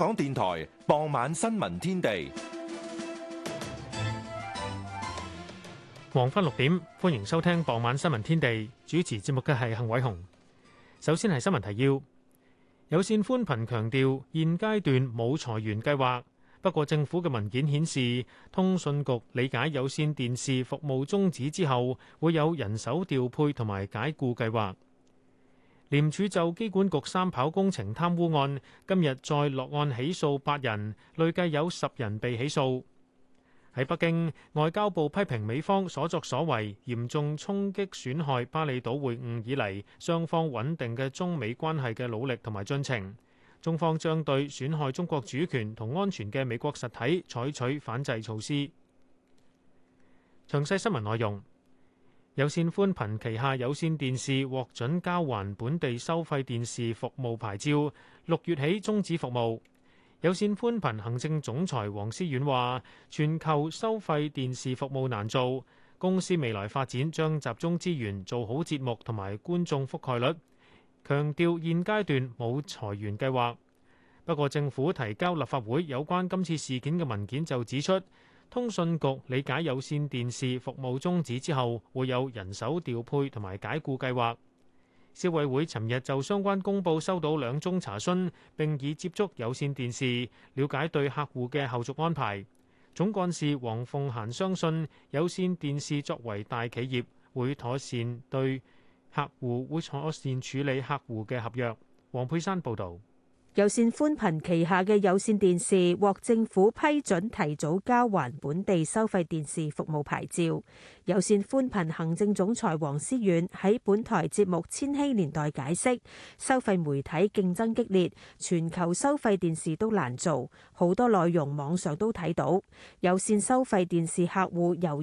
香港電台傍晚新聞天地，黃昏六點，歡迎收聽傍晚新聞天地。主持節目嘅係幸偉雄。首先係新聞提要：有線寬頻強調現階段冇裁員計劃，不過政府嘅文件顯示，通訊局理解有線電視服務終止之後，會有人手調配同埋解僱計劃。廉署就機管局三跑工程貪污案，今日再落案起訴八人，累計有十人被起訴。喺北京，外交部批評美方所作所為嚴重衝擊損害巴厘島會晤以來雙方穩定嘅中美關係嘅努力同埋進程，中方將對損害中國主權同安全嘅美國實體採取反制措施。詳細新聞內容。有線寬頻旗下有線電視獲准交還本地收費電視服務牌照，六月起終止服務。有線寬頻行政總裁黃思遠話：全球收費電視服務難做，公司未來發展將集中資源做好節目同埋觀眾覆蓋率，強調現階段冇裁員計劃。不過政府提交立法會有關今次事件嘅文件就指出，通訊局理解有線電視服務終止之後，會有人手調配同埋解僱計劃。消委會尋日就相關公布收到兩宗查詢，並已接觸有線電視，了解對客戶嘅後續安排。總幹事黃鳳嫻相信，有線電視作為大企業會妥善對客戶會妥善處理客戶嘅合約，黃佩珊報道。有線寬頻旗下嘅有線電視獲政府批准提早交還本地收費電視服務牌照。有線寬頻行政總裁黃思遠喺本台節目千禧年代解釋，收費媒體競爭激烈，全球收費電視都難做，好多內容網上都睇到。有線收費電視客戶由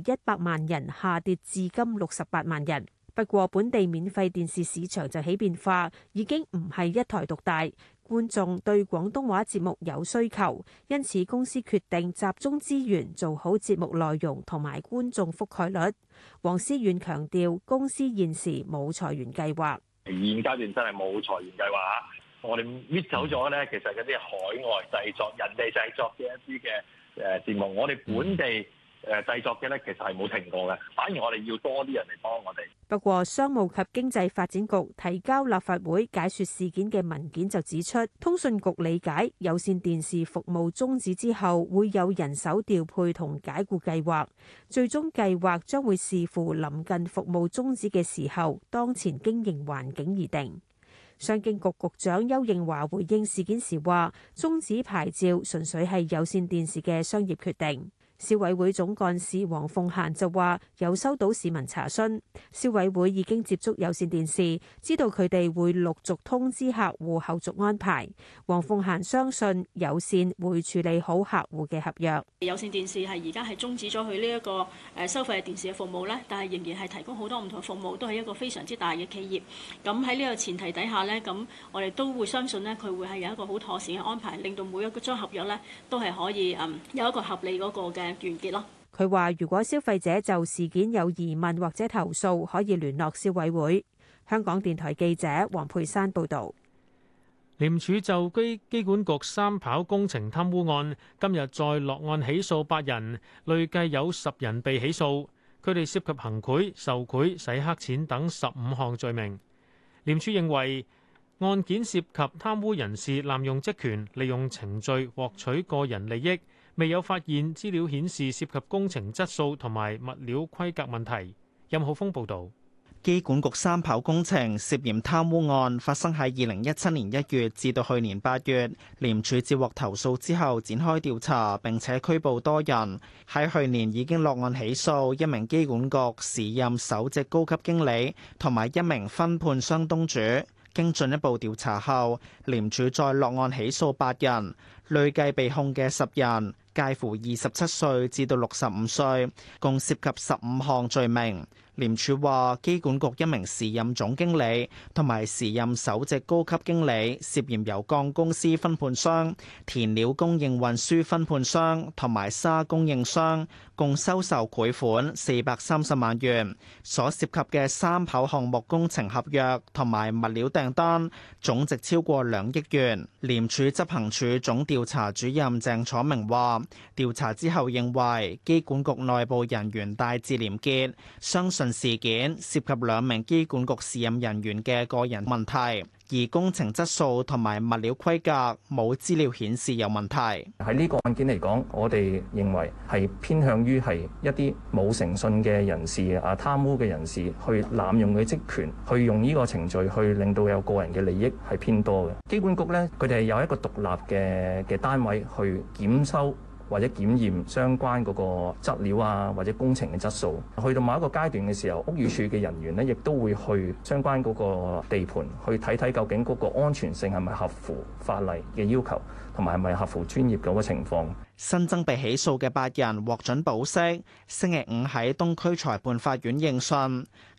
觀眾對廣東話節目有需求，因此公司決定集中資源做好節目內容同埋觀眾覆蓋率。黃思遠強調，公司現時冇裁員計劃。現階段真係冇裁員計劃。我哋搣走咗呢，其實一啲海外製作、人哋製作嘅一啲嘅誒節目，我哋本地。誒製作嘅呢，其實係冇停過嘅，反而我哋要多啲人嚟幫我哋。不過，商務及經濟發展局提交立法會解說事件嘅文件就指出，通訊局理解有線電視服務終止之後會有人手調配同解雇計劃，最終計劃將會視乎臨近服務終止嘅時候，當前經營環境而定。商經局局長邱應華回應事件時話，終止牌照純粹係有線電視嘅商業決定。消委會總幹事黃鳳嫻就話：有收到市民查詢，消委會已經接觸有線電視，知道佢哋會陸續通知客戶後續安排。黃鳳嫻相信有線會處理好客戶嘅合約。有線電視係而家係終止咗佢呢一個誒收費電視嘅服務咧，但係仍然係提供好多唔同嘅服務，都係一個非常之大嘅企業。咁喺呢個前提底下咧，咁我哋都會相信咧，佢會係有一個好妥善嘅安排，令到每一個張合約咧都係可以誒有一個合理嗰個嘅。結佢話：如果消費者就事件有疑問或者投訴，可以聯絡消委會。香港電台記者黃佩珊報導。廉署就機機管局三跑工程貪污案，今日再落案起訴八人，累計有十人被起訴。佢哋涉及行賄、受賄、洗黑錢等十五項罪名。廉署認為案件涉及貪污人士濫用職權，利用程序獲取個人利益。未有發現資料顯示涉及工程質素同埋物料規格問題。任浩峰報導。機管局三跑工程涉嫌貪污案發生喺二零一七年一月至到去年八月，廉署接獲投訴之後，展開調查並且拘捕多人。喺去年已經落案起訴一名機管局時任首席高級經理同埋一名分判商東主。經進一步調查後，廉署再落案起訴八人，累計被控嘅十人。介乎二十七歲至到六十五歲，共涉及十五項罪名。廉署話，機管局一名時任總經理同埋時任首席高級經理涉嫌由鋼公司分判商、填料供應運輸分判商同埋沙供應商。共收受賄款四百三十萬元，所涉及嘅三跑項目工程合約同埋物料訂單總值超過兩億元。廉署執行處總調查主任鄭楚明話，調查之後認為機管局內部人員大致廉潔，相信事件涉及兩名機管局時任人員嘅個人問題。而工程質素同埋物料規格冇資料顯示有問題。喺呢個案件嚟講，我哋認為係偏向於係一啲冇誠信嘅人士啊、貪污嘅人士去濫用佢職權，去用呢個程序去令到有個人嘅利益係偏多嘅。機管局呢，佢哋係有一個獨立嘅嘅單位去檢收。或者檢驗相關嗰個質料啊，或者工程嘅質素，去到某一個階段嘅時候，屋宇署嘅人員咧，亦都會去相關嗰個地盤去睇睇究竟嗰個安全性係咪合乎法例嘅要求。同埋係咪客服專業咁嘅情況？新增被起訴嘅八人獲准保釋，星期五喺東區裁判法院應訊，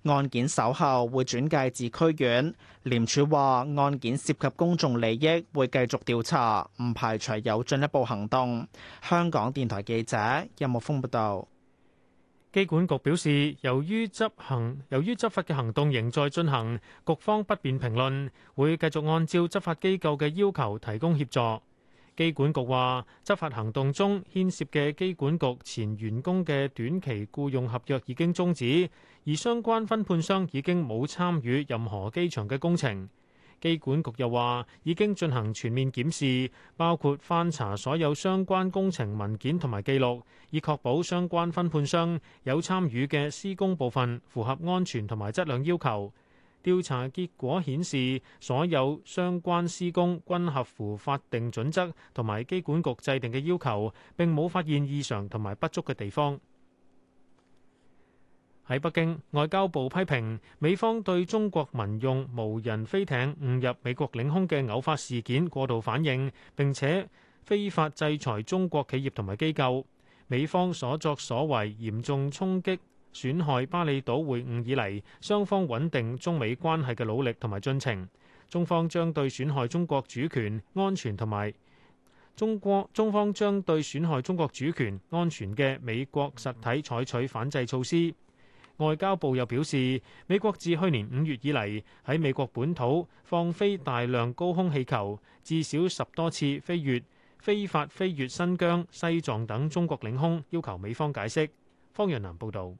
案件稍後會轉介至區院。廉署話案件涉及公眾利益，會繼續調查，唔排除有進一步行動，香港電台記者任木峯報道。機管局表示，由於執行由於執法嘅行動仍在進行，局方不便評論，會繼續按照執法機構嘅要求提供協助。機管局話，執法行動中牽涉嘅機管局前員工嘅短期僱用合約已經終止，而相關分判商已經冇參與任何機場嘅工程。機管局又話，已經進行全面檢視，包括翻查所有相關工程文件同埋記錄，以確保相關分判商有參與嘅施工部分符合安全同埋質量要求。調查結果顯示，所有相關施工均合乎法定準則同埋機管局制定嘅要求，並冇發現異常同埋不足嘅地方。喺北京，外交部批評美方對中國民用無人飛艇誤入美國領空嘅偶發事件過度反應，並且非法制裁中國企業同埋機構。美方所作所為嚴重衝擊，損害巴厘島會晤以嚟雙方穩定中美關係嘅努力同埋進程。中方將對損害中國主權安全同埋中國中方將對損害中國主權安全嘅美國實體採取反制措施。外交部又表示，美國自去年五月以嚟喺美國本土放飛大量高空氣球，至少十多次飛越，非法飛越新疆、西藏等中國領空，要求美方解釋。方陽南報導。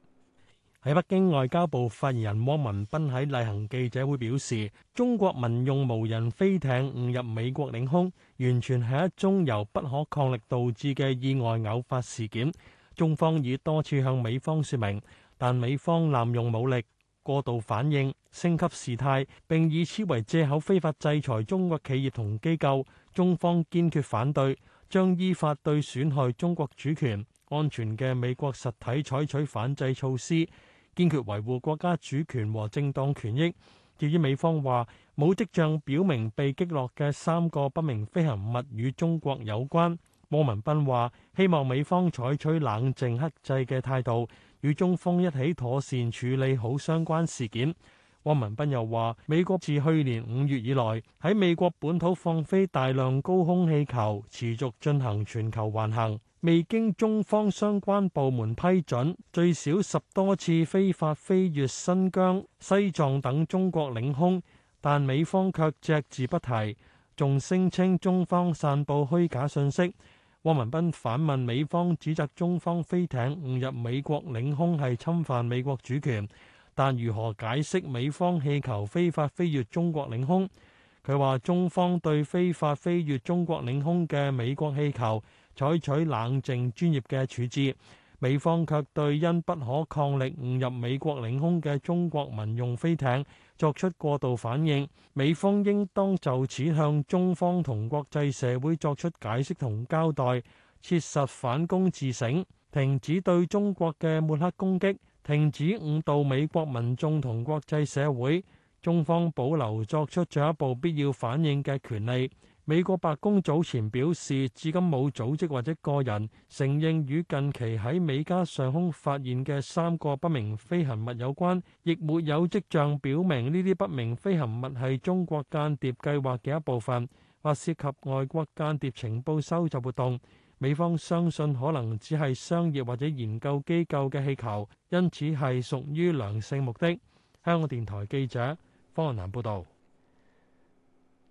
喺北京外交部發言人汪文斌喺例行記者會表示，中國民用無人飛艇誤入美國領空，完全係一宗由不可抗力導致嘅意外偶發事件。中方已多次向美方說明，但美方濫用武力、過度反應、升級事態，並以此為借口非法制裁中國企業同機構。中方堅決反對，將依法對損害中國主權安全嘅美國實體採取反制措施。堅決維護國家主權和正當權益。至於美方話冇跡象表明被擊落嘅三個不明飛行物與中國有關，汪文斌話希望美方採取冷靜克制嘅態度，與中方一起妥善處理好相關事件。汪文斌又話，美國自去年五月以來喺美國本土放飛大量高空氣球，持續進行全球環行。未經中方相關部門批准，最少十多次非法飛越新疆、西藏等中國領空，但美方卻隻字不提，仲聲稱中方散布虛假信息。汪文斌反問美方指責中方飛艇誤入美國領空係侵犯美國主權，但如何解釋美方氣球非法飛越中國領空？佢話中方對非法飛越中國領空嘅美國氣球，採取冷靜專業嘅處置，美方卻對因不可抗力誤入美國領空嘅中國民用飛艇作出過度反應，美方應當就此向中方同國際社會作出解釋同交代，切實反躬自省，停止對中國嘅抹黑攻擊，停止誤導美國民眾同國際社會。中方保留作出進一步必要反應嘅權利。美國白宮早前表示，至今冇組織或者個人承認與近期喺美加上空發現嘅三個不明飛行物有關，亦沒有跡象表明呢啲不明飛行物係中國間諜計劃嘅一部分，或涉及外國間諜情報收集活動。美方相信可能只係商業或者研究機構嘅氣球，因此係屬於良性目的。香港電台記者方雲南報道。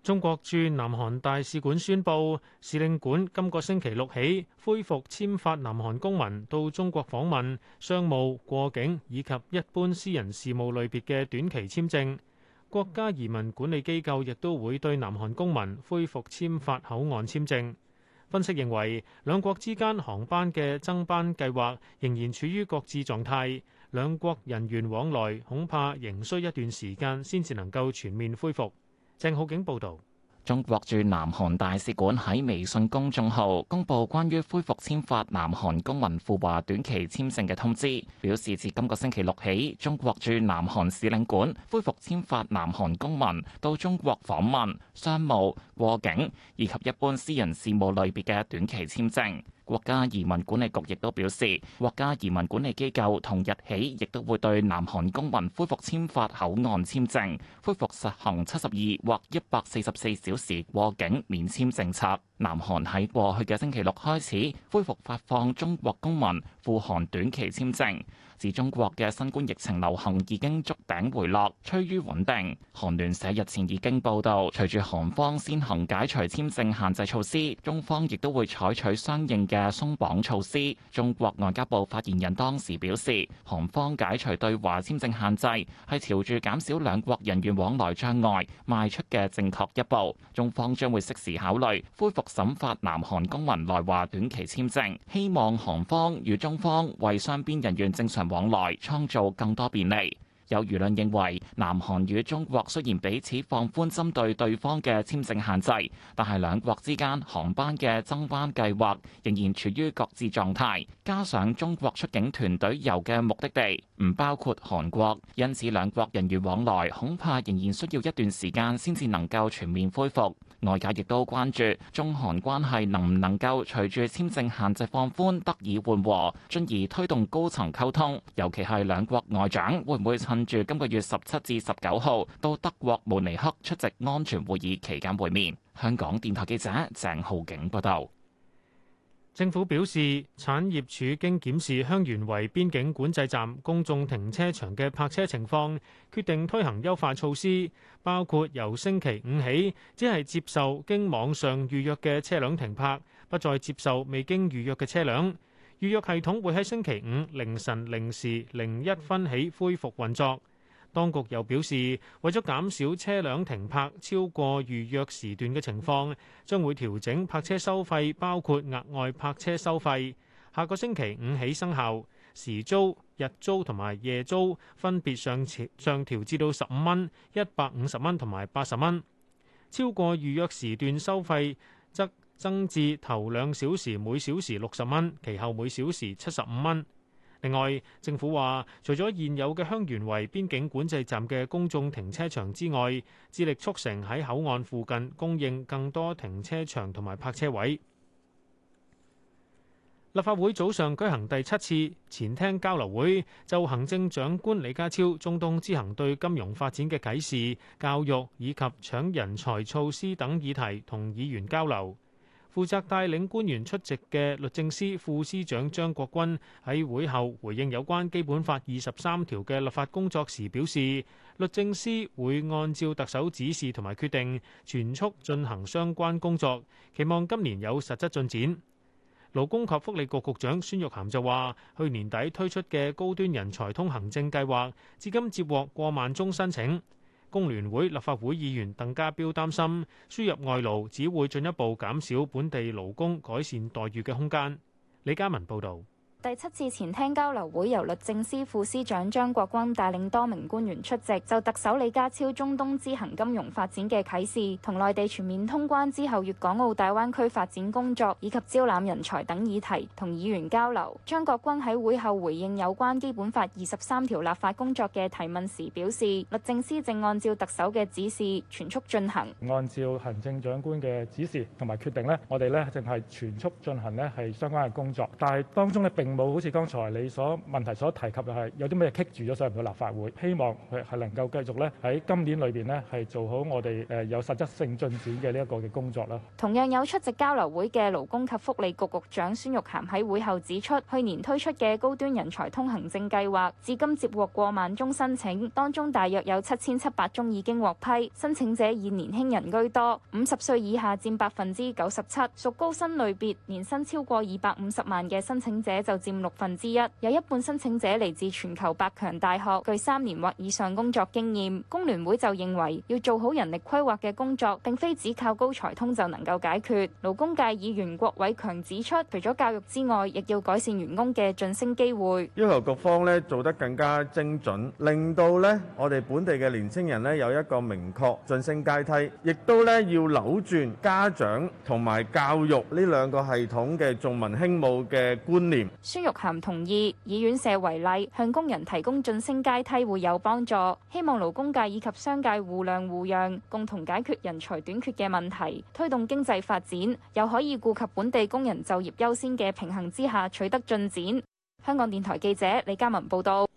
中國駐南韓大使館宣布，使領館今個星期六起恢復簽發南韓公民到中國訪問、商務、過境以及一般私人事務類別嘅短期簽證。國家移民管理機構亦都會對南韓公民恢復簽發口岸簽證。分析認為，兩國之間航班嘅增班計劃仍然處於擱置狀態，兩國人員往來恐怕仍需一段時間先至能夠全面恢復。鄭浩景報道：中國駐南韓大使館喺微信公眾號公佈，關於恢復簽發南韓公民赴華短期簽證嘅通知，表示自今個星期六起，中國駐南韓使領館恢復簽發南韓公民到中國訪問、商務、過境以及一般私人事務類別嘅短期簽證。國家移民管理局亦都表示，國家移民管理機構同日起亦都會對南韓公民恢復簽發口岸簽證，恢復實行七十二或一百四十四小時過境免簽政策。南韓喺過去嘅星期六開始恢復發放中國公民赴韓短期簽證，自中國嘅新冠疫情流行已經觸頂回落，趨於穩定。韓聯社日前已經報道，隨住韓方先行解除簽證限制措施，中方亦都會採取相應嘅鬆綁措施。中國外交部發言人當時表示，韓方解除對華簽證限制係朝住減少兩國人員往來障礙，邁出嘅正確一步。中方將會適時考慮恢復審發南韓公民來華短期簽證，希望韓方與中方為雙邊人員正常往來創造更多便利。有輿論認為，南韓與中國雖然彼此放寬針對對方嘅簽證限制，但係兩國之間航班嘅增班計劃仍然處於各自狀態。加上中國出境團隊遊嘅目的地唔包括韓國，因此兩國人員往來恐怕仍然需要一段時間先至能夠全面恢復。外界亦都關注中韓關係能唔能夠隨住簽證限制放寬得以緩和，進而推動高層溝通，尤其係兩國外長會唔會趁跟住今個月十七至十九號到德國慕尼黑出席安全會議期間會面。香港電台記者鄭浩景報道。政府表示，產業署經檢視香園圍邊境管制站公眾停車場嘅泊車情況，決定推行優化措施，包括由星期五起只係接受經網上預約嘅車輛停泊，不再接受未經預約嘅車輛。預約系統會喺星期五凌晨零時零一分起恢復運作。當局又表示，為咗減少車輛停泊超過預約時段嘅情況，將會調整泊車收費，包括額外泊車收費。下個星期五起生效，時租、日租同埋夜租分別上調上調至到十五蚊、一百五十蚊同埋八十蚊。超過預約時段收費。增至頭兩小時每小時六十蚊，其後每小時七十五蚊。另外，政府話除咗現有嘅香園圍邊境管制站嘅公眾停車場之外，致力促成喺口岸附近供應更多停車場同埋泊車位。立法會早上舉行第七次前廳交流會，就行政長官李家超中東之行對金融發展嘅啟示、教育以及搶人才措施等議題，同議員交流。負責帶領官員出席嘅律政司副司長張國鈞喺會後回應有關《基本法》二十三條嘅立法工作時表示，律政司會按照特首指示同埋決定，全速進行相關工作，期望今年有實質進展。勞工及福利局局，局長孫玉菡就話，去年底推出嘅高端人才通行證計劃，至今接獲過萬宗申請。工聯會立法會議員鄧家彪擔心輸入外勞只會進一步減少本地勞工改善待遇嘅空間。李家文報導。第七次前廳交流會由律政司副司長張國軍帶領多名官員出席，就特首李家超中東之行金融發展嘅啟示，同內地全面通關之後粵港澳大灣區發展工作以及招攬人才等議題同議員交流。張國軍喺會後回應有關《基本法》二十三條立法工作嘅提問時表示，律政司正按照特首嘅指示全速進行。按照行政長官嘅指示同埋決定，我呢我哋呢正係全速進行呢係相關嘅工作，但係當中咧並冇好似剛才你所問題所提及，就係有啲咩棘住咗上唔到立法會。希望係係能夠繼續咧喺今年裏邊呢係做好我哋誒有實質性進展嘅呢一個嘅工作啦。同樣有出席交流會嘅勞工及福利局局長孫玉菡喺會後指出，去年推出嘅高端人才通行證計劃，至今接獲過萬宗申請，當中大約有七千七百宗已經獲批。申請者以年輕人居多，五十歲以下佔百分之九十七，屬高薪類別，年薪超過二百五十萬嘅申請者就。佔六分之一，有一半申請者嚟自全球百強大學，具三年或以上工作經驗。工聯會就認為要做好人力規劃嘅工作，並非只靠高才通就能夠解決。勞工界議員郭偉強指出，除咗教育之外，亦要改善員工嘅晉升機會，要求局方呢做得更加精準，令到呢我哋本地嘅年青人呢有一個明確晉升階梯，亦都呢要扭轉家長同埋教育呢兩個系統嘅重文輕武嘅觀念。孫玉菡同意，以院舍為例，向工人提供晉升階梯會有幫助。希望勞工界以及商界互諒互讓，共同解決人才短缺嘅問題，推動經濟發展，又可以顧及本地工人就業優先嘅平衡之下取得進展。香港電台記者李嘉文報道。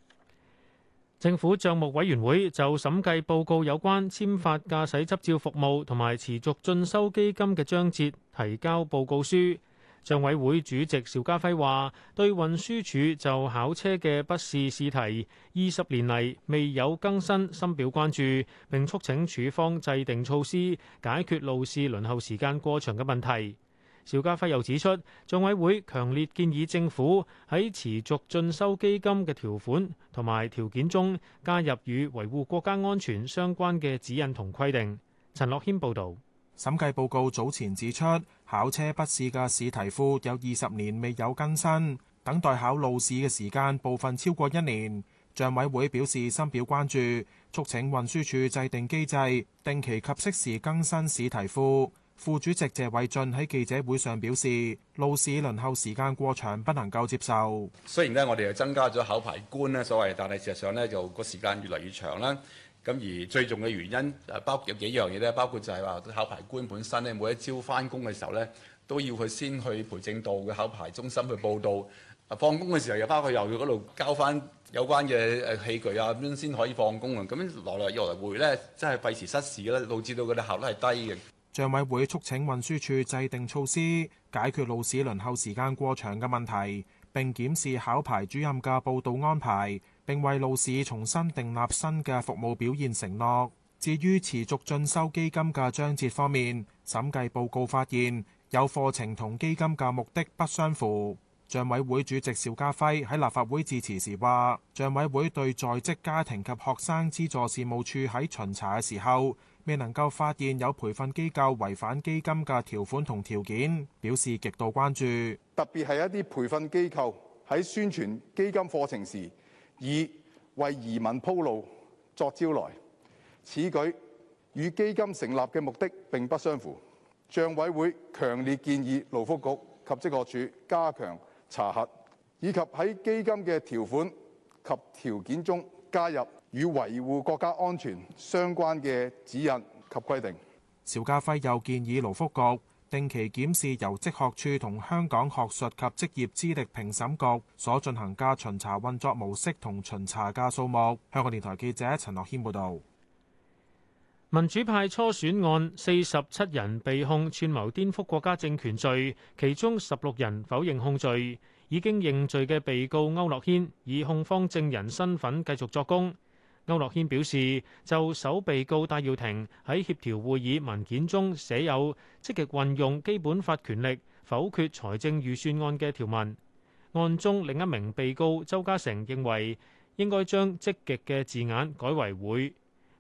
政府帳目委員會就審計報告有關簽發駕駛執照服務同埋持續進修基金嘅章節提交報告書。帳委會主席邵家輝話，對運輸署就考車嘅筆試試題二十年嚟未有更新，深表關注，並促請署方制定措施，解決路試輪候時間過長嘅問題。邵家輝又指出，帳委會強烈建議政府喺持續進修基金嘅條款同埋條件中，加入與維護國家安全相關嘅指引同規定。陳樂謙報道。審計報告早前指出，考車筆試嘅試題庫有二十年未有更新，等待考路試嘅時間部分超過一年。帳委會表示深表關注，促請運輸署制定機制，定期及適時更新試題庫。副主席謝偉俊喺記者會上表示，路試輪候時間過長，不能夠接受。雖然呢，我哋又增加咗考牌官呢，所謂，但係事實上呢，就個時間越嚟越長啦。咁而最重嘅原因，誒包括有幾樣嘢咧，包括就係話考牌官本身咧，每一朝翻工嘅時候咧，都要佢先去培正道嘅考牌中心去報到，啊放工嘅時候又包括又要嗰度交翻有關嘅誒器具啊咁樣先可以放工啊，咁樣來來來來回咧，即係費時失事啦，導致到佢哋效率係低嘅。帳委會促請運輸署制定措施，解決路試輪候時間過長嘅問題，並檢視考牌主任嘅報到安排。並為路市重新訂立新嘅服務表現承諾。至於持續進修基金嘅章節方面，審計報告發現有課程同基金嘅目的不相符。賬委會主席邵家輝喺立法會致辭時話，賬委會對在職家庭及學生資助事務處喺巡查嘅時候未能夠發現有培訓機構違反基金嘅條款同條件，表示極度關注。特別係一啲培訓機構喺宣傳基金課程時。以為移民鋪路作招來，此舉與基金成立嘅目的並不相符。帳委會強烈建議勞福局及職業署加強查核，以及喺基金嘅條款及條件中加入與維護國家安全相關嘅指引及規定。邵家輝又建議勞福局。定期檢視由職學處同香港學術及職業資歷評審局所進行嘅巡查運作模式同巡查嘅數目。香港電台記者陳樂軒報導。民主派初選案四十七人被控串謀顛覆國家政權罪，其中十六人否認控罪，已經認罪嘅被告歐樂軒以控方證人身份繼續作供。區諾軒表示，就首被告戴耀廷喺協調會議文件中寫有積極運用基本法權力否決財政預算案嘅條文，案中另一名被告周家成認為應該將積極嘅字眼改為會。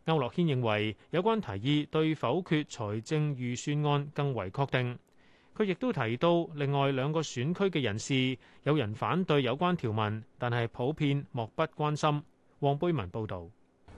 區諾軒認為有關提議對否決財政預算案更為確定。佢亦都提到，另外兩個選區嘅人士有人反對有關條文，但係普遍漠不關心。黃貝文報道，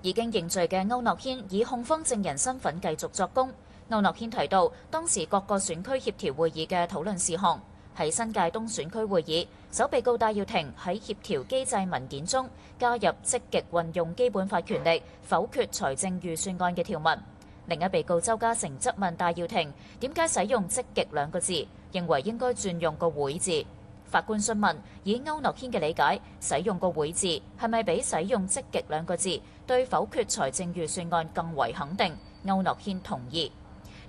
已經認罪嘅歐諾軒以控方證人身份繼續作供。歐諾軒提到，當時各個選區協調會議嘅討論事項喺新界東選區會議，首被告戴耀廷喺協調機制文件中加入積極運用基本法權力否決財政預算案嘅條文。另一被告周家成質問戴耀廷，點解使用積極兩個字，認為應該轉用個會字。法官詢問：以歐諾軒嘅理解，使用個會字係咪比使用積極兩個字對否決財政預算案更為肯定？歐諾軒同意。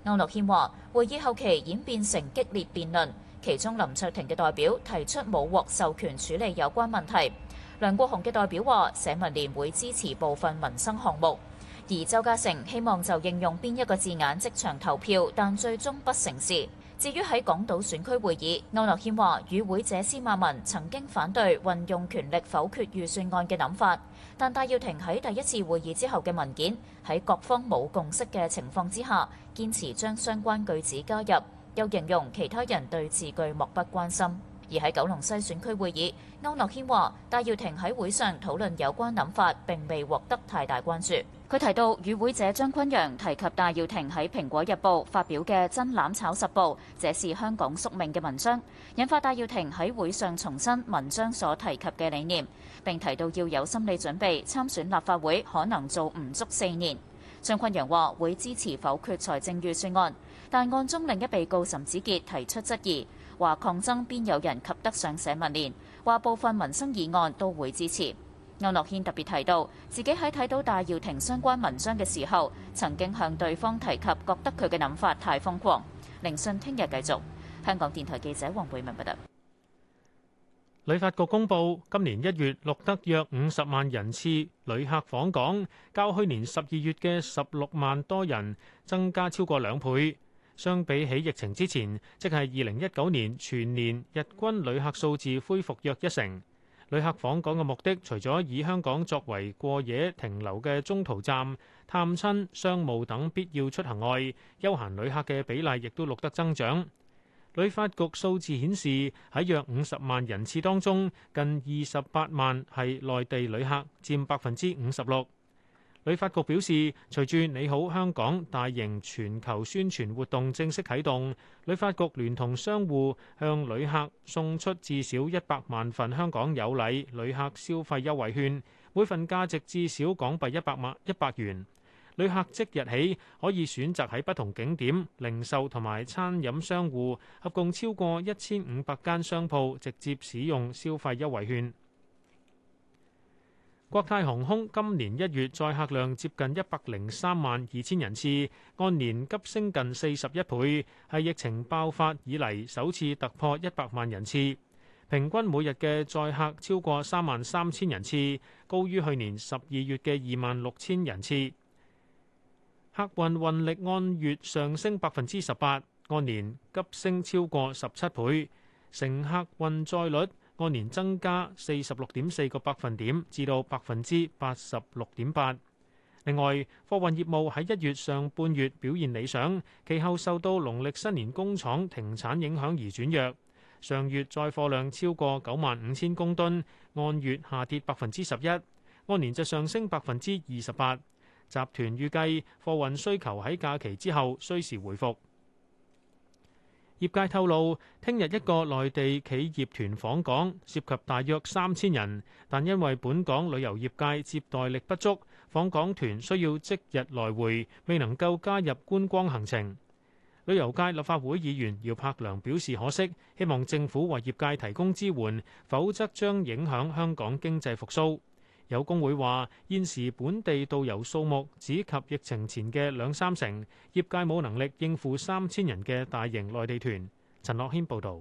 歐諾軒話：會議後期演變成激烈辯論，其中林卓廷嘅代表提出冇獲授權處理有關問題。梁國雄嘅代表話：社民連會支持部分民生項目，而周家成希望就應用邊一個字眼即場投票，但最終不成事。至於喺港島選區會議，歐諾軒話與會者司馬文曾經反對運用權力否決預算案嘅諗法，但戴耀廷喺第一次會議之後嘅文件喺各方冇共識嘅情況之下，堅持將相關句子加入，又形容其他人對字句漠不關心。而喺九龍西選區會議，歐諾軒話戴耀廷喺會上討論有關諗法並未獲得太大關注。佢提到與會者張崑陽提及戴耀廷喺《蘋果日報》發表嘅《真攬炒十步》，這是香港宿命嘅文章，引發戴耀廷喺會上重申文章所提及嘅理念。並提到要有心理準備，參選立法會可能做唔足四年。張崑陽話會支持否決財政預算案，但案中另一被告岑子杰提出質疑，話抗爭邊有人及得上社民連，話部分民生議案都會支持。區諾軒特別提到，自己喺睇到戴耀廷相關文章嘅時候，曾經向對方提及，覺得佢嘅諗法太瘋狂。聆訊聽日繼續。香港電台記者黃貝文報道。旅發局公布，今年一月錄得約五十萬人次旅客訪港，較去年十二月嘅十六萬多人增加超過兩倍。相比起疫情之前，即係二零一九年全年日均旅客數字恢復約一成。旅客訪港嘅目的，除咗以香港作為過夜停留嘅中途站、探親、商務等必要出行外，休閒旅客嘅比例亦都錄得增長，旅發局數字顯示，喺約五十萬人次當中，近二十八萬係內地旅客，佔百分之五十六。旅發局表示，隨住「你好香港」大型全球宣傳活動正式啟動，旅發局聯同商戶向旅客送出至少一百萬份香港有禮旅客消費優惠券，每份價值至少港幣一百萬一百元。旅客即日起可以選擇喺不同景點、零售同埋餐飲商戶，合共超過一千五百間商鋪，直接使用消費優惠券。國泰航空今年一月載客量接近一百零三萬二千人次，按年急升近四十一倍，係疫情爆發以嚟首次突破一百萬人次。平均每日嘅載客超過三萬三千人次，高於去年十二月嘅二萬六千人次。客運運力按月上升百分之十八，按年急升超過十七倍。乘客運載率，按年增加四十六點四個百分點，至到百分之八十六點八。另外，貨運業務喺一月上半月表現理想，其後受到農曆新年工廠停產影響而轉弱。上月載貨量超過九萬五千公噸，按月下跌百分之十一，按年就上升百分之二十八。集團預計貨運需求喺假期之後需時回復。業界透露，聽日一個內地企業團訪港，涉及大約三千人，但因為本港旅遊業界接待力不足，訪港團需要即日來回，未能夠加入觀光行程。旅遊界立法會議員姚柏良表示可惜，希望政府為業界提供支援，否則將影響香港經濟復甦。有工會話現時本地導遊數目只及疫情前嘅兩三成，業界冇能力應付三千人嘅大型內地團。陳樂謙報道。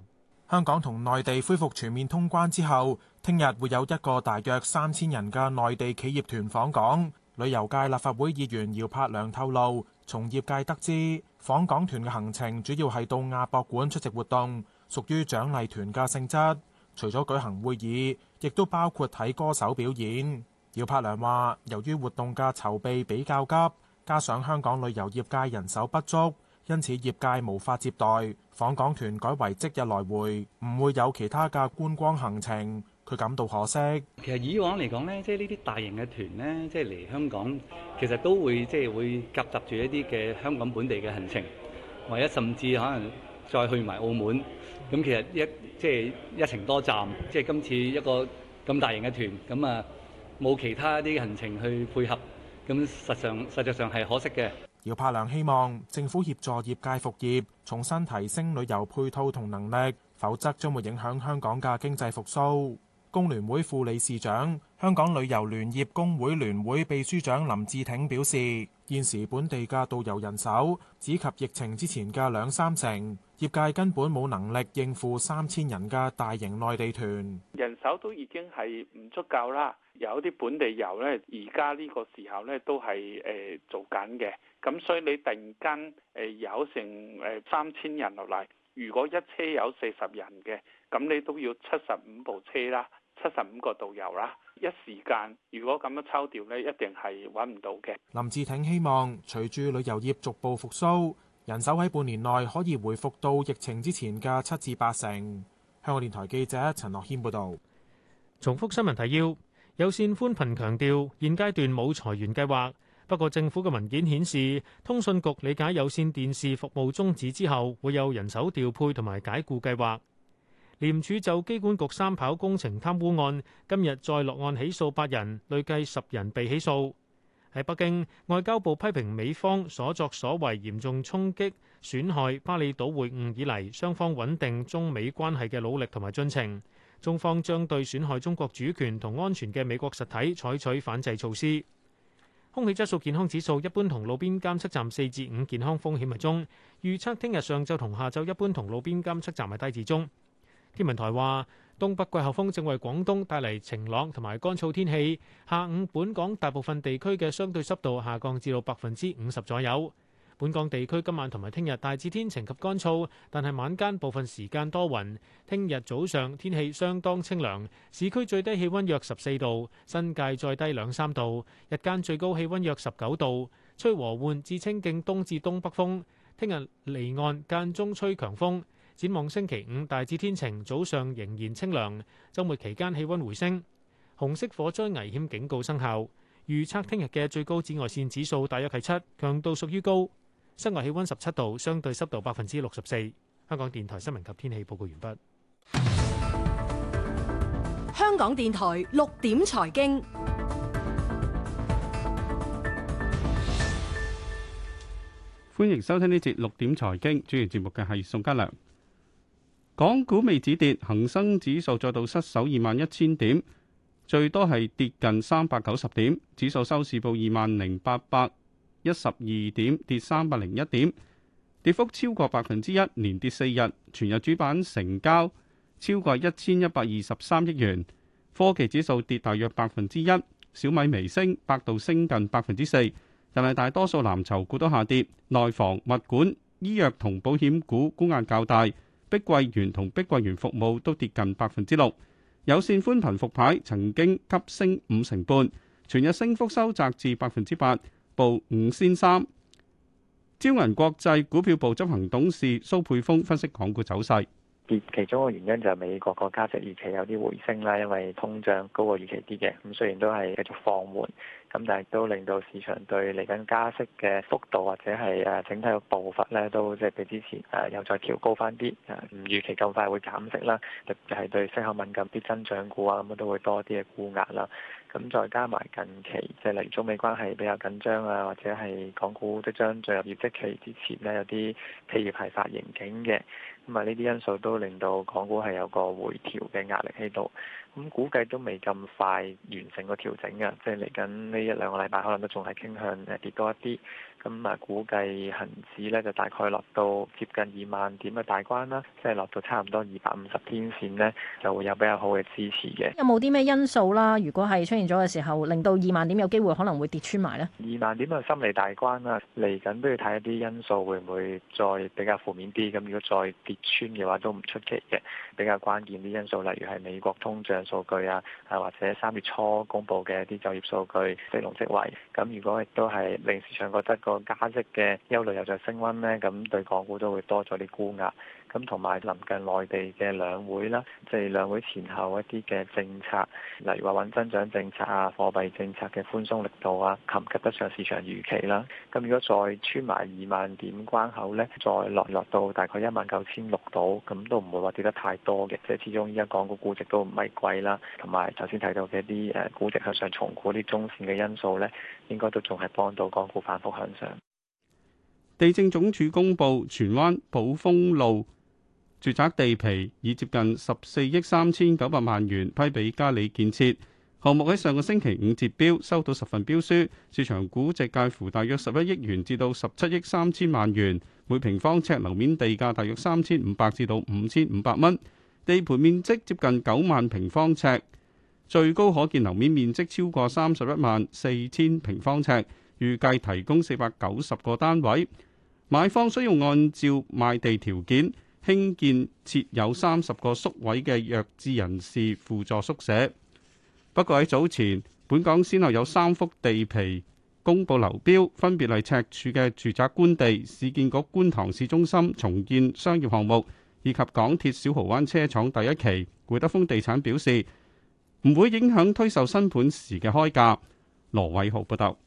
香港同內地恢復全面通關之後，聽日會有一個大約三千人嘅內地企業團訪港。旅遊界立法會議員姚柏良透露，從業界得知，訪港團嘅行程主要係到亞博館出席活動，屬於獎勵團嘅性質，除咗舉行會議。亦都包括睇歌手表演。姚柏良話：由於活動嘅籌備比較急，加上香港旅遊業界人手不足，因此業界無法接待訪港團，改為即日來回，唔會有其他嘅觀光行程。佢感到可惜。其實以往嚟講咧，即係呢啲大型嘅團咧，即係嚟香港，其實都會即係會夾雜住一啲嘅香港本地嘅行程，或者甚至可能再去埋澳門。咁其實一即係一程多站，即係今次一個咁大型嘅團，咁啊冇其他啲行程去配合，咁實上實際上係可惜嘅。姚柏良希望政府協助業界復業，重新提升旅遊配套同能力，否則將會影響香港嘅經濟復甦。工聯會副理事長、香港旅遊聯業工會聯會秘書長林志挺表示，現時本地嘅導遊人手只及疫情之前嘅兩三成。業界根本冇能力應付三千人嘅大型內地團，人手都已經係唔足夠啦。有啲本地遊呢，而家呢個時候呢都係誒做緊嘅。咁所以你突然間誒有成誒三千人落嚟，如果一車有四十人嘅，咁你都要七十五部車啦，七十五個導遊啦。一時間如果咁樣抽調呢，一定係搵唔到嘅。林志挺希望隨住旅遊業逐步復甦。人手喺半年內可以回復到疫情之前嘅七至八成。香港電台記者陳樂謙報道。重複新聞提要：有線寬頻強調現階段冇裁員計劃，不過政府嘅文件顯示，通訊局理解有線電視服務終止之後會有人手調配同埋解僱計劃。廉署就機管局三跑工程貪污案，今日再落案起訴八人，累計十人被起訴。喺北京，外交部批評美方所作所為嚴重衝擊損害巴厘島會晤以嚟雙方穩定中美關係嘅努力同埋進程。中方將對損害中國主權同安全嘅美國實體採取反制措施。空氣質素健康指數一般同路邊監測站四至五，健康風險係中，預測聽日上晝同下晝一般同路邊監測站係低至中。天文台話。東北季候風正為廣東帶嚟晴朗同埋乾燥天氣，下午本港大部分地區嘅相對濕度下降至到百分之五十左右。本港地區今晚同埋聽日大致天晴及乾燥，但係晚間部分時間多雲，聽日早上天氣相當清涼，市區最低氣溫約十四度，新界再低兩三度，日間最高氣溫約十九度，吹和緩至清勁東至東北風，聽日離岸間中吹強風。展望星期五，大致天晴，早上仍然清涼。周末期間氣溫回升，紅色火災危險警告生效。預測聽日嘅最高紫外線指數大約係七，強度屬於高。室外氣溫十七度，相對濕度百分之六十四。香港電台新聞及天氣報告完畢。香港電台六點財經，歡迎收聽呢節六點財經，主持節目嘅係宋嘉良。港股未止跌，恒生指數再度失守二萬一千點，最多係跌近三百九十點，指數收市報二萬零八百一十二點，跌三百零一點，跌幅超過百分之一，連跌四日。全日主板成交超過一千一百二十三億元，科技指數跌大約百分之一，小米微升，百度升近百分之四，但係大多數藍籌股都下跌，內房、物管、醫藥同保險股沽壓較大。碧桂園同碧桂園服務都跌近百分之六，有線寬頻復牌，曾經急升五成半，全日升幅收窄至百分之八，報五仙三。招銀國際股票部執行董事蘇佩峰分析港股走勢：其中嘅原因就係美國個加息預期有啲回升啦，因為通脹高過預期啲嘅，咁雖然都係繼續放緩。咁但係都令到市場對嚟緊加息嘅幅度或者係誒整體嘅步伐咧，都即係比之前誒又再調高翻啲。唔預期咁快會減息啦，特別係對息口敏感啲增長股啊，咁啊都會多啲嘅沽壓啦。咁再加埋近期即係嚟中美關係比較緊張啊，或者係港股即將進入業績期之前咧，有啲企業係發盈警嘅，咁啊呢啲因素都令到港股係有個回調嘅壓力喺度。咁估計都未咁快完成個調整㗎，即係嚟緊呢一兩個禮拜，可能都仲係傾向誒跌多一啲。咁啊，估計恒指咧就大概落到接近二萬點嘅大關啦，即係落到差唔多二百五十天綫咧，就會有比較好嘅支持嘅。有冇啲咩因素啦？如果係出現咗嘅時候，令到二萬點有機會可能會跌穿埋咧？二萬點係心理大關啦，嚟緊都要睇一啲因素會唔會再比較負面啲。咁如果再跌穿嘅話都唔出奇嘅。比較關鍵啲因素，例如係美國通脹數據啊，啊，或者三月初公布嘅一啲就業數據，非農職位。咁如果亦都係令市場覺得個加息嘅憂慮又再升溫咧，咁對港股都會多咗啲沽壓。咁同埋臨近內地嘅兩會啦，即係兩會前後一啲嘅政策，例如話穩增長政策啊、貨幣政策嘅寬鬆力度啊，及唔及得上市場預期啦。咁如果再穿埋二萬點關口咧，再落落到大概一萬九千六度，咁都唔會話跌得太多嘅。即係始終依家港股估值都唔係貴啦，同埋頭先提到嘅一啲誒估值向上重估啲中線嘅因素咧，應該都仲係幫到港股反復向上。地政總署公布，荃灣寶豐路，住宅地皮已接近十四億三千九百萬元批俾嘉里建設項目，喺上個星期五截標，收到十份標書，市場估值介乎大約十一億元至到十七億三千萬元，每平方尺樓面地價大約三千五百至到五千五百蚊，地盤面積接近九萬平方尺，最高可建樓面面積超過三十一萬四千平方尺，預計提供四百九十個單位，買方需要按照賣地條件，興建設有三十個宿位嘅弱智人士輔助宿舍。不過喺早前，本港先後有三幅地皮公布流標，分別係赤柱嘅住宅官地、市建局觀塘市中心重建商業項目，以及港鐵小蠔灣車廠第一期。會德豐地產表示唔會影響推售新盤時嘅開價。羅偉豪報道。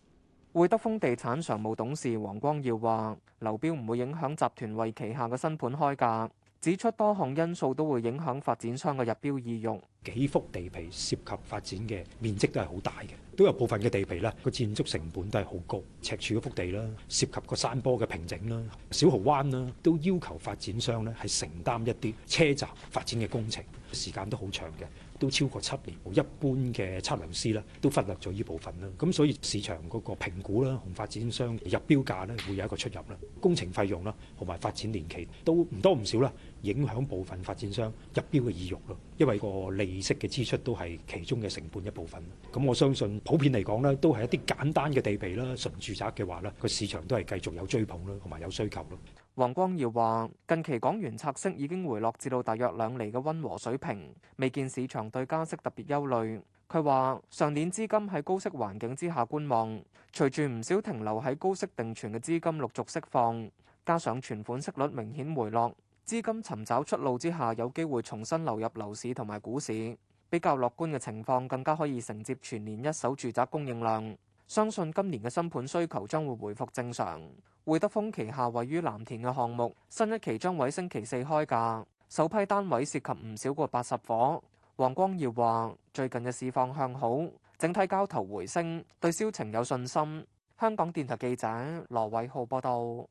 會德豐地產常務董事黃光耀話，流標唔會影響集團為旗下嘅新盤開價，指出多項因素都會影響發展商嘅入標意欲。幾幅地皮涉及發展嘅面積都係好大嘅，都有部分嘅地皮咧個建築成本都係好高。赤柱幅地啦，涉及個山坡嘅平整啦，小蠔灣啦，都要求發展商咧係承擔一啲車站發展嘅工程，時間都好長嘅。都超過七年，一般嘅測量師啦，都忽略咗呢部分啦。咁所以市場嗰個評估啦，同發展商入標價咧，會有一個出入啦。工程費用啦，同埋發展年期都唔多唔少啦，影響部分發展商入標嘅意欲咯。因為個利息嘅支出都係其中嘅成本一部分。咁我相信普遍嚟講咧，都係一啲簡單嘅地皮啦，純住宅嘅話咧，個市場都係繼續有追捧啦，同埋有需求咯。黃光耀話：近期港元拆息已經回落至到大約兩厘嘅温和水平，未見市場對加息特別憂慮。佢話上年資金喺高息環境之下觀望，隨住唔少停留喺高息定存嘅資金陸續釋放，加上存款息率明顯回落，資金尋找出路之下，有機會重新流入樓市同埋股市，比較樂觀嘅情況更加可以承接全年一手住宅供應量。相信今年嘅新盤需求將會回復正常。會德豐旗下位於藍田嘅項目新一期將會星期四開價，首批單位涉及唔少過八十伙。黃光耀話最近嘅市況向好，整體交投回升，對銷情有信心。香港電台記者羅偉浩報道。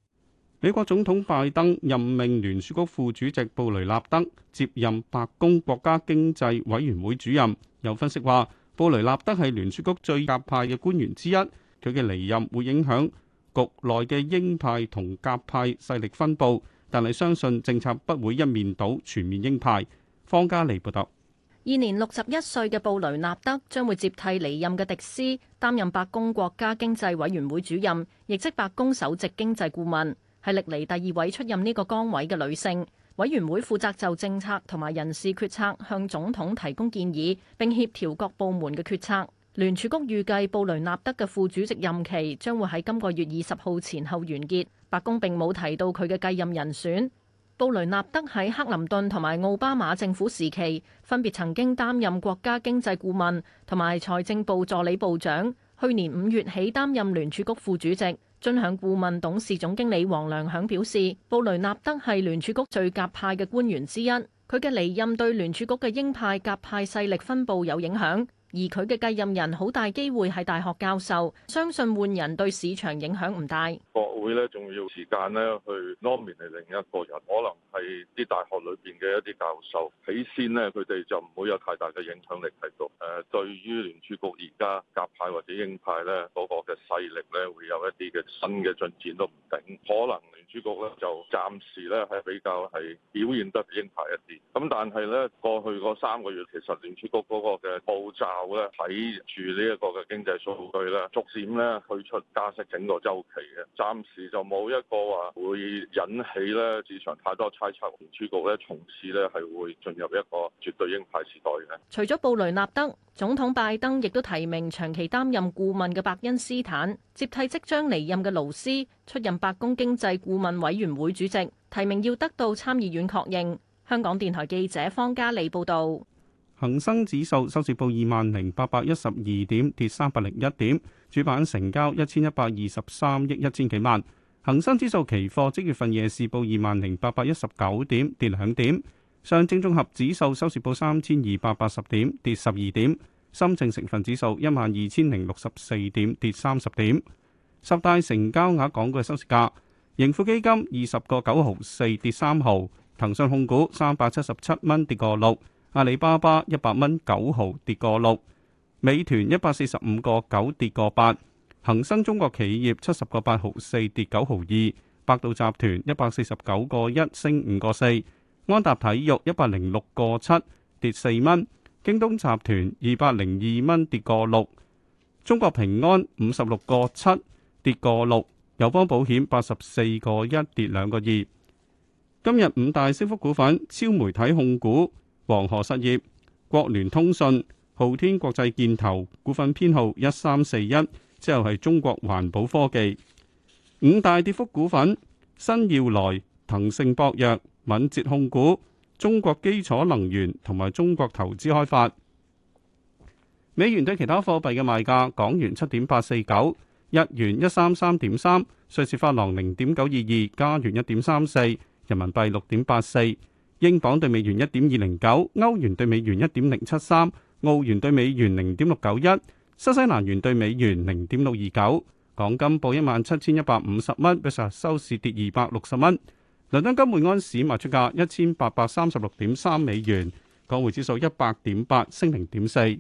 美國總統拜登任命聯儲局副主席布雷納德接任白宮國家經濟委員會主任。有分析話，布雷納德係聯儲局最鴿派嘅官員之一，佢嘅離任會影響局內嘅鷹派同鴿派勢力分佈，但係相信政策不會一面倒，全面鷹派。方嘉莉報道，現年六十一歲嘅布雷納德將會接替離任嘅迪斯，擔任白宮國家經濟委員會主任，亦即白宮首席經濟顧問，係歷嚟第二位出任呢個崗位嘅女性。委員會負責就政策同埋人事決策向總統提供建議，並協調各部門嘅決策。聯儲局預計布雷納德嘅副主席任期將會喺今個月二十號前後完結。白宮並冇提到佢嘅繼任人選。布雷納德喺克林頓同埋奧巴馬政府時期，分別曾經擔任國家經濟顧問同埋財政部助理部長。去年五月起擔任聯儲局副主席。尊享顧問、董事、總經理黃良響表示，布雷納德係聯儲局最鴿派嘅官員之一，佢嘅離任對聯儲局嘅鷹派、鴿派勢力分布有影響。而佢嘅繼任人好大機會係大學教授，相信換人對市場影響唔大。國會咧仲要時間咧去 nominate 另一個人，可能係啲大學裏邊嘅一啲教授。起先咧佢哋就唔會有太大嘅影響力喺度。誒，對於聯儲局而家鴿派、或者鷹派咧嗰個嘅勢力咧，會有一啲嘅新嘅進展都唔定。可能聯儲局咧就暫時咧係比較係表現得鷹派一啲。咁但係咧過去嗰三個月其實聯儲局嗰個嘅步驟。睇住呢一個嘅經濟數據啦，逐漸咧退出加息整個周期嘅，暫時就冇一個話會引起咧市場太多猜測。聯儲局咧從此咧係會進入一個絕對鷹派時代嘅。除咗布雷納德，總統拜登亦都提名長期擔任顧問嘅伯恩斯坦接替即將離任嘅勞斯出任白宮經濟顧問委員會主席，提名要得到參議院確認。香港電台記者方嘉莉報道。恒生指數收市報二萬零八百一十二點，跌三百零一點。主板成交一千一百二十三億一千幾萬。恒生指數期貨即月份夜市報二萬零八百一十九點，跌兩點。上證綜合指數收市報三千二百八十點，跌十二點。深證成分指數一萬二千零六十四點，跌三十點。十大成交額港股嘅收市價，盈富基金二十個九毫四跌三毫，騰訊控股三百七十七蚊跌個六。阿里巴巴一百蚊九毫跌個六，美團一百四十五個九跌個八，恒生中國企業七十個八毫四跌九毫二，百度集團一百四十九個一升五個四，安踏體育一百零六個七跌四蚊，京東集團二百零二蚊跌個六，中國平安五十六個七跌個六，友邦保險八十四個一跌兩個二。今日五大升幅股份：超媒體控股。黃河實業、國聯通訊、昊天國際建投股份編號一三四一，之後係中國環保科技五大跌幅股份：新耀來、騰盛博藥、敏捷控股、中國基礎能源同埋中國投資開發。美元對其他貨幣嘅賣價：港元七點八四九，日元一三三點三，瑞士法郎零點九二二，加元一點三四，人民幣六點八四。英鎊兌美元一點二零九，歐元兌美元一點零七三，澳元兌美元零點六九一，新西蘭元兌美元零點六二九。港金報一萬七千一百五十蚊，比上日收市跌二百六十蚊。倫敦金每安士賣出價一千八百三十六點三美元，港匯指數一百點八升零點四。